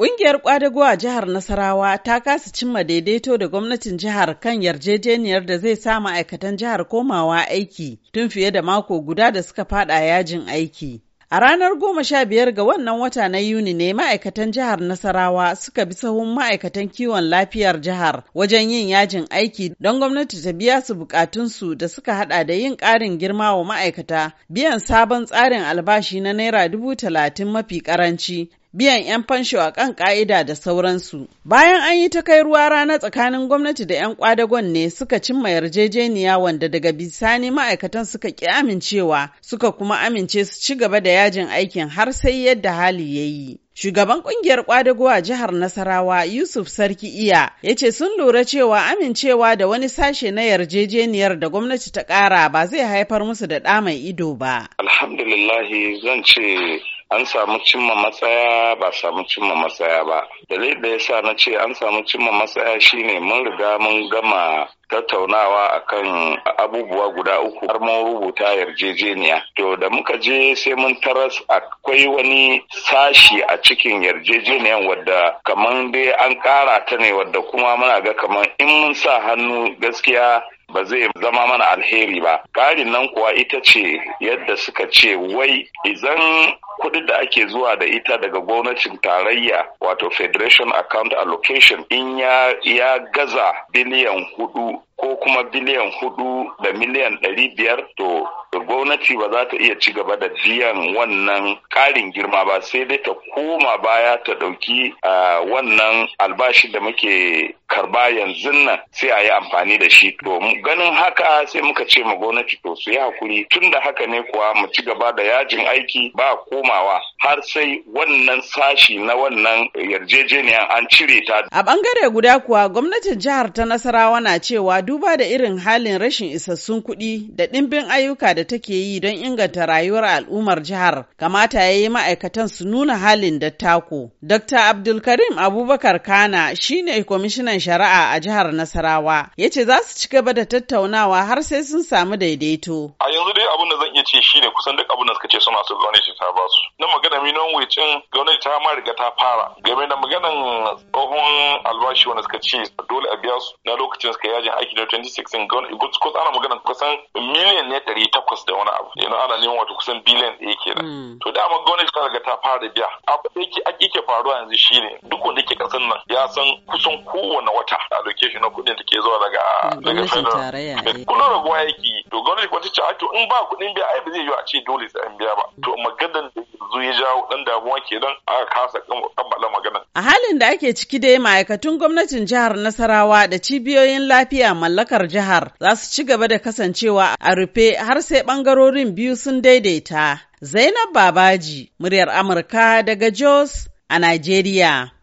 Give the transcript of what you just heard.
Ƙungiyar ƙwadago a jihar Nasarawa ta kasa cimma daidaito da gwamnatin jihar kan yarjejeniyar da zai sa ma'aikatan jihar komawa aiki tun fiye da mako guda da suka fada yajin aiki. A ranar goma sha biyar ga wannan wata na Yuni ne ma'aikatan jihar Nasarawa suka bi sahun ma'aikatan kiwon lafiyar jihar wajen yin yajin aiki don gwamnati ta biya su bukatunsu da suka hada da yin ƙarin girma wa ma'aikata, biyan sabon tsarin albashi na Naira dubu talatin mafi ƙaranci. biyan 'yan fansho a kan ka'ida da sauransu. Bayan an yi ta kai ruwa rana tsakanin gwamnati da 'yan kwadagon ne suka cimma yarjejeniya wanda daga bisani ma'aikatan suka ki amincewa suka kuma amince su ci gaba da yajin aikin har sai yadda hali ya yi. Shugaban kungiyar kwadago a jihar Nasarawa Yusuf Sarki Iya ya ce sun lura cewa amincewa da wani sashe na yarjejeniyar da gwamnati ta ƙara ba zai haifar musu da ɗa mai ido ba. Alhamdulillahi zan ce an samu cimma matsaya ba samu cimma matsaya ba dalilin da ya sa na ce an samu cimma matsaya shine mun riga mun gama tattaunawa akan abubuwa guda uku har mun rubuta yarjejeniya to da muka je sai mun taras akwai wani sashi a cikin yarjejeniyan wadda kamar dai an kara ta ne wadda kuma muna ga kamar in mun sa hannu gaskiya ba zai zama mana alheri ba ƙarin nan kuwa ita ce yadda suka ce wai idan kuɗin da ake zuwa da ita daga gwamnatin tarayya wato federation account allocation in ya, gaza biliyan hudu ko kuma biliyan hudu da miliyan ɗari biyar to gwamnati ba za ta iya ci gaba da biyan wannan karin girma ba sai dai ta koma baya ta ɗauki wannan albashi da muke karba yanzu nan sai a yi amfani da shi to ganin haka sai muka ce ma gwamnati to su yi hakuri tun da haka ne kuwa mu ci gaba da yajin aiki ba komawa har sai wannan sashi na wannan yarjejeniyar an cire ta. A bangare guda kuwa gwamnatin jihar ta Nasarawa na cewa duba da irin halin rashin isassun kuɗi da ɗimbin ayyuka da take take yi don inganta rayuwar al'ummar jihar kamata ya yi ma'aikatan su nuna halin da tako. Dr. Abdulkarim Abubakar Kana shi ne kwamishinan shari'a a jihar Nasarawa ya ce za su ci gaba da tattaunawa har sai sun samu daidaito. A yanzu dai abin da zan iya ce shi ne kusan duk abin da suka ce suna su shi ta ba su. minon wicin gwamnati ta ma riga ta fara game da maganan tsohon albashi wanda suka ce dole a biya su na lokacin suka yajin aiki na 2016 gwamnati kusa ana magana kusan miliyan ne ɗari takwas da wani abu yana ana neman wato kusan biliyan ɗaya ke da. Hmm. to dama gwamnati ta riga ta fara biya abu da yake ake ke faruwa yanzu shine duk wanda ke kasan nan ya san kusan kowane wata location na kuɗin da ke zuwa daga hmm, daga federal kullum raguwa to gwamnati kuma ta ce to in ba kuɗin biya ai ba zai yi a ce dole sai an biya ba to maganar da yanzu ya jawo dan damuwa kenan aka kasa kammala maganar a halin da ake ciki dai ma'aikatun gwamnatin jihar Nasarawa da cibiyoyin lafiya mallakar jihar za su ci gaba da kasancewa a rufe har sai bangarorin biyu sun daidaita Zainab Babaji, muryar Amurka daga Jos a Najeriya.